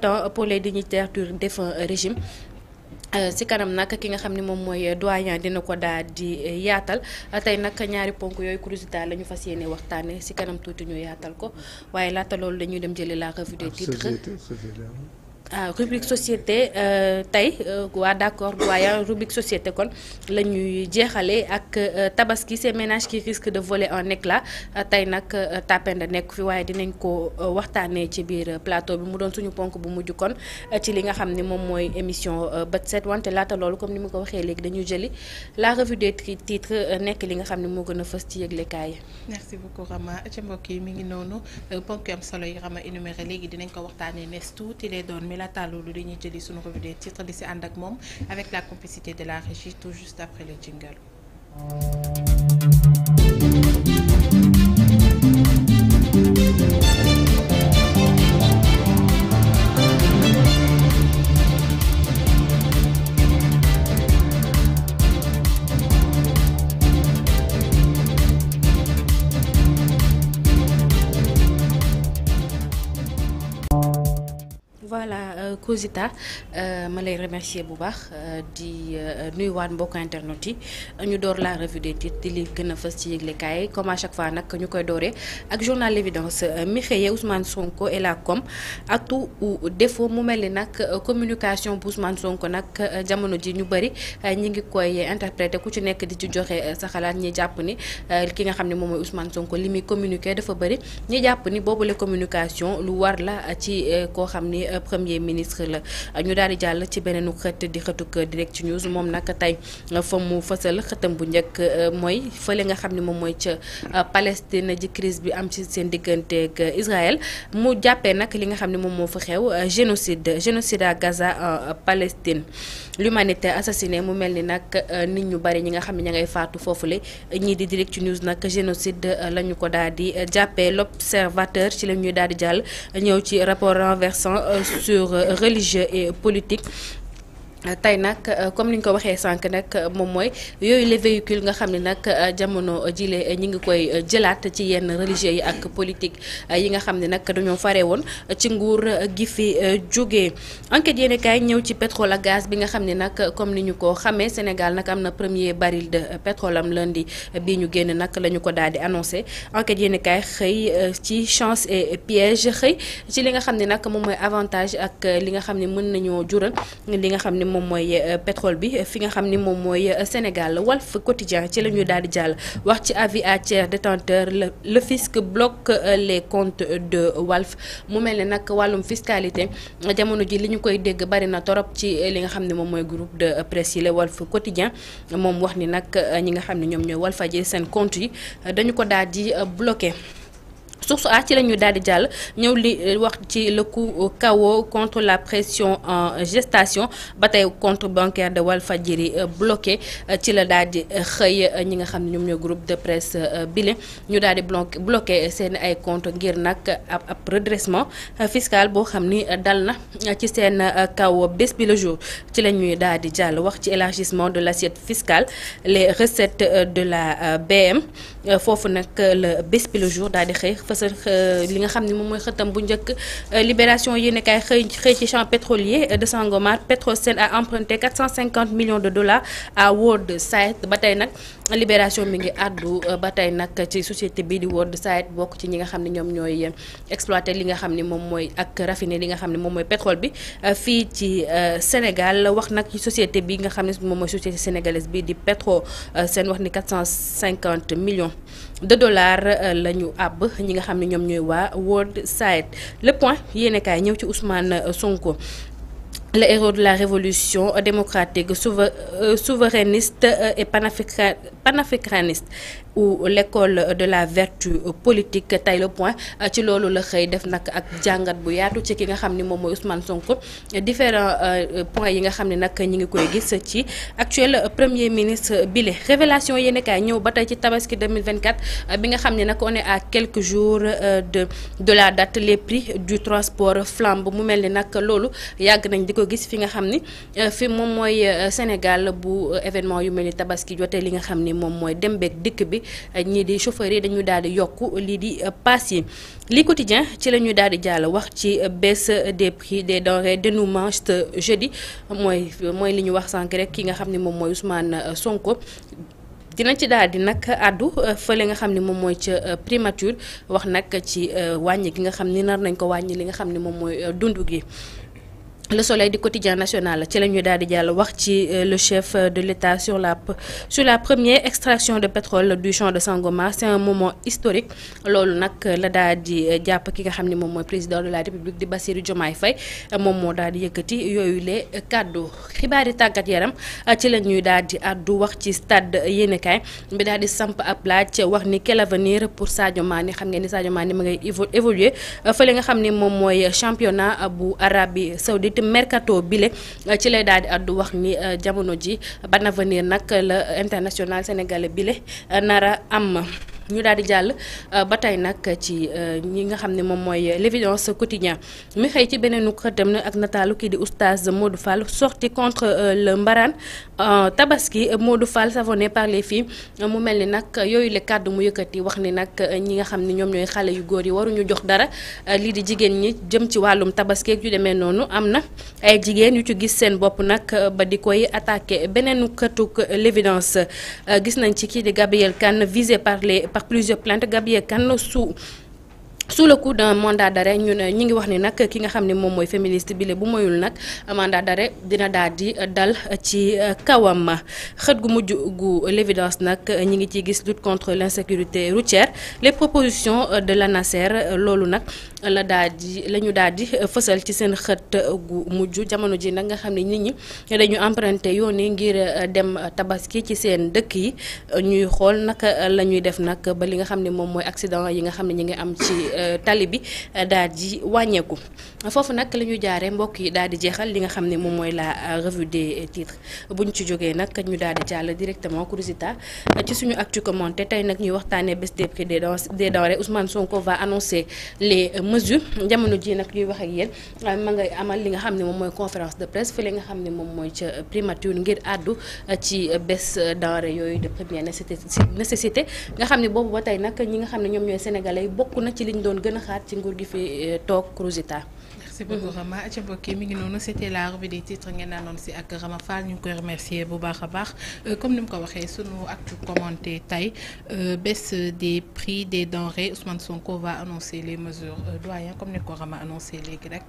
temps pour les dignitaires du défunt régime euh, ci kanam nag ki nga xam ne moom mooy doyen dina ko daal di yaatal euh, tey nag ñaari ponk yooyu Kourouzitaa la ñu fas yéene waxtaane ci kanam tuuti ñu yaatal ko waaye laata loolu dañuy dem jëli la revue des ah, titres ah rubrique société euh, tey euh, waa d'accord waaye rubrique société kon la ñuy jeexale ak tabaski ces ménages ki risque de voler en éclat tey nag Tapenda nekk fi waaye dinañ ko waxtaanee ci biir plateau bi mu doon suñu ponk bu mujj kon ci li nga xam ni moom mooy émission bët set wante laata loolu comme ni mu ko waxee léegi dañuy jëli la revue des titres nekk li nga xam ne moo gën a fës ci yëglekaay yi. merci beaucoup Rama ci yi mi ngi noonu ponk yu am solo yi Rama énuméré léegi dinañ ko waxtaanee nees laata loolu dañuy jëli sunu revue des titres di si ànd ak moom avec la complicité de la régie tout juste après le jingle. voilà euh, cosita euh, ma lay remercier bu baax euh, di nuyuwaat mbokk internet yi ñu door la revue des titres li gën a fës ci yëglekaay yi comme à nag ñu koy dooree ak journal l'évidence mi xëyee Ousmane Sonko et la com atout ou défaut mu mel ni nag communication bu Ousmane Sonko nag jamono ji ñu bëri ñi ngi koy interpréter ku ci nekk di ci joxe sa xalaat ñi jàpp ni ki nga xam ne moom mooy Ousmane Sonko li muy communiquer dafa bëri ñi jàpp ni boobule communication lu war la ci koo xam ni. premier ministre la ñu daal di jàll ci beneenu xët di xëtuk direct news moom nag tey fa mu fësal xëtam bu njëkk euh, mooy fële nga xam ne moom mooy ca euh, Palestine ji crise bi am ci seen diggante ak Israël mu jàppee nag li nga xam ne moom moo fa xew euh, génocide génocide à Gaza en Palestine l'humanité assassinée mu mel ni nag nit ñu bari ñi nga xam ne ña ngay faatu foofule ñii di direct news nag génocide la ñu ko daal di jàppee l'observateur ci la ñuy daal jàll ñëw ci rapport renversant postures euh, religieuses et politiques tey nag euh, comme ni nga ko waxee sànq nag euh, moom mooy yooyu les véhicules nga xam ne nag euh, jamono jile ñi ngi koy jëlaat ci yenn religieux yi ak politique yi nga xam ne nag dañoo fare woon ci nguur gi fi jógee enquête yéen kaay ñëw ci pétrole gaz bi nga xam ne nag comme ni ñu ko xamee Sénégal nag am na premier baril de pétrole am lundi bii ñu génn nag la ñu ko daal di annoncé enquête yéen kaay xëy ci chance et xëy ci li nga xam ne nag moom mooy avantage ak li nga xam ne mën nañoo jural li nga xam ne moom mooy euh, pétrole bi fi nga xam ni moom mooy euh, Sénégal Walf Quotidien ci la ñuy daal di jàll wax ci avis à tiers détenteur le fisc bloque euh, les comptes de Walf mu mel ne nag wàllum fiscalité jamono ji li ñu koy dégg bari na torop ci li nga xam ne moom mooy groupe de presse yi la Walf Quotidien moom wax ni nag ñi nga xam ne ñoom ñooy Walfadjri seen compte yi dañu ko daal bloqué. source a ci la ñu daal di jàll ñëw li eh, wax ci le coup KO contre la pression en gestation ba tey compte bancaire de Walfadjiri eh, bloqué eh, ci la daal di xëy ñi nga xam ne ñoom ñoo groupe de presse bile ñu daal di bloqué seen ay contre ngir nag ab ab redressement fiscal boo xam ni dal na ci seen kaw bés bi le jour ci la ñuy daal di jàll wax ci élargissement de l'assiette fiscale les recettes de la BM foofu nag le bés bi le jour daal di xëy fësal li nga xam ne moom mooy xëtam bu njëkk euh, libération yéen kaay xëy xëy ci champ pétrolier de Sangomar Petrosen a emprunté 450 millions de dollars à Worldside ba tey nag libération mi ngi àddu euh, ba tey nag ci société bi di Worldside bokk ci ñi nga xam ne ñoom ñooy euh, exploité li nga xam ni moom mooy ak raffiné li nga xam ne moom mooy pétrole bi fii ci Sénégal wax nag ci société bi nga xam ne moom mooy société sénégalaise bi di seen wax ni 450 millions de dollars euh, la ñu àbb ñi nga xam ne ñoom ñooy waa World Side le point yéenekaay ñëw ci Ousmane euh, Sonko le héros de la révolution démocratique euh, souverainiste euh, et panafricaniste ou l'école de la vertu politique tey le point euh, ci loolu la xëy def nag ak jàngat bu yaatu ci ki nga xam ni moom mooy Ousmane Sonko différents points yi nga xam ne nag ñi ngi koy gis ci actuel premier ministre bile révélation yéen kaay ñëw ba tey ci tabaski 2024 bi nga xam ne nak on est à jour jours de de la date les prix du transport flambe mu mel ni nag loolu yàgg nañ di ko gis fi nga xam ni euh, fi moom mooy euh, Sénégal bu euh, événement yu mel ni tabaski jotee li nga xam ni moom mooy dem beeg dikk bi ñii di chauffeur yi dañu daal di yokk lii di paas yi li quotidien ci la ñuy daal di jàll wax ci baisse des prix des denrées dénouement ce jeudi mooy mooy li ñu wax sànq rek ki nga xam ni moom mooy Ousmane Sonko dina ci daal di nag àddu fële nga xam ni moom mooy ca primature wax nag ci wàññi ki nga xam ni nar nañ ko wàññi li nga xam ni moom mooy dund gi le soleil du quotidien national ci la ñu daal di jàll wax ci euh, le chef de l'État sur la sur la première extraction de pétrole du champ de Sangomar c'est un moment historique loolu nag la daal di euh, jàpp ki nga xam ni moom mooy président de la république di Bassirou Diomaye Faye moom moo daal di yëkkati yooyu les kàddu xibaari tàggat yaram euh, ci la ñuy daal di àddu wax ci stade yéenekaay bi daal di samp ab laaj wax ni quel avenir pour Sadio Mané xam ngeen ni Sadio ma ngay évoluer fële xam ne moom mooy championnat bu Arabie Saoudite tamit mercato bile euh, ci lay daal di addu wax ni euh, jamono ji ban avenir nag la international sénégalais bile euh, nara am. ñu daal di jàll euh, ba tey nag ci euh, ñi nga xam ne moom mooy l'évidence quotidien mi xëy ci beneenu xëtam na ak nataalu kii di oustaz Modou Fall sorti contre euh, le mbaraan tabaski Modou Fall savonné par les filles mu mel ni nag yooyu le kàddu mu yëkkati wax ni nag ñi nga xam ne ñoom ñooy xale yu góor yi waruñu jox dara lii di jigéen ñi jëm ci wàllum tabaski ak yu demee noonu am na ay jigéen yu ci gis seen bopp nag ba di koy attaqué beneenu xëtuk l'évidence gis nañ ci kii di Gabriel Kane visé par les par plusieurs plaintes Gabriel Kane sous le coup d'un mandat ñu ne ñu ngi wax ni nag ki nga xam ne moom mooy féministe bi le bu moyul nag euh, mandat d'arrêt dina daal di euh, dal euh, ci kawam xët gu mujj gu l'évidence nag ñi ngi ciy gis lutte contre l'insécurité routière les propositions de l'ANASER loolu nag la daal di la ñu daal di fësal ci seen xët gu mujj jamono ji nag nga xam ne nit ñi dañu emprunté yoon yi ngir dem tabaski ci seen dëkk yi ñuy xool naka la ñuy def nag ba li nga xam ne moom mooy accident yi nga xam ne ñi ngi am ci Euh, tali bi euh, daal di wàññeeku foofu nag la ñu jaaree mbokk yi daal di jeexal li nga xam ne moom mooy la euh, revue des titres bu ñu ci jógee nag ñu daal di jàll directement Kourouzita ci suñu actu commenté tey nag ñuy waxtaanee baisse des prix des denrées Ousmane Sonko va annoncer les mesures jamono ji nag ñuy wax ak yéen ma ngay amal li nga xam ne moom mooy conférence de presse fële nga xam ne moom mooy ca primature ngir àddu ci baisse denrées yooyu de première nécessité nga xam ne boobu ba tey nag ñi nga xam ne ñoom ñooy sénégalais bokk na ci liñ doon gën a xaar ci nguur gi fi euh, toog Cruzita. merci beaucoup Rama ca mbokk yi mi ngi noonu c'était la revue des titres ngeen naanoon si ak Rama ñu koy remercier bu baax a baax euh, comme ni mu ko waxee sunu actu commenté tey euh, baisse des prix des denrées Ousmane Sonko va annoncer les mesures doyen comme ni ko Rama annoncé léegi rek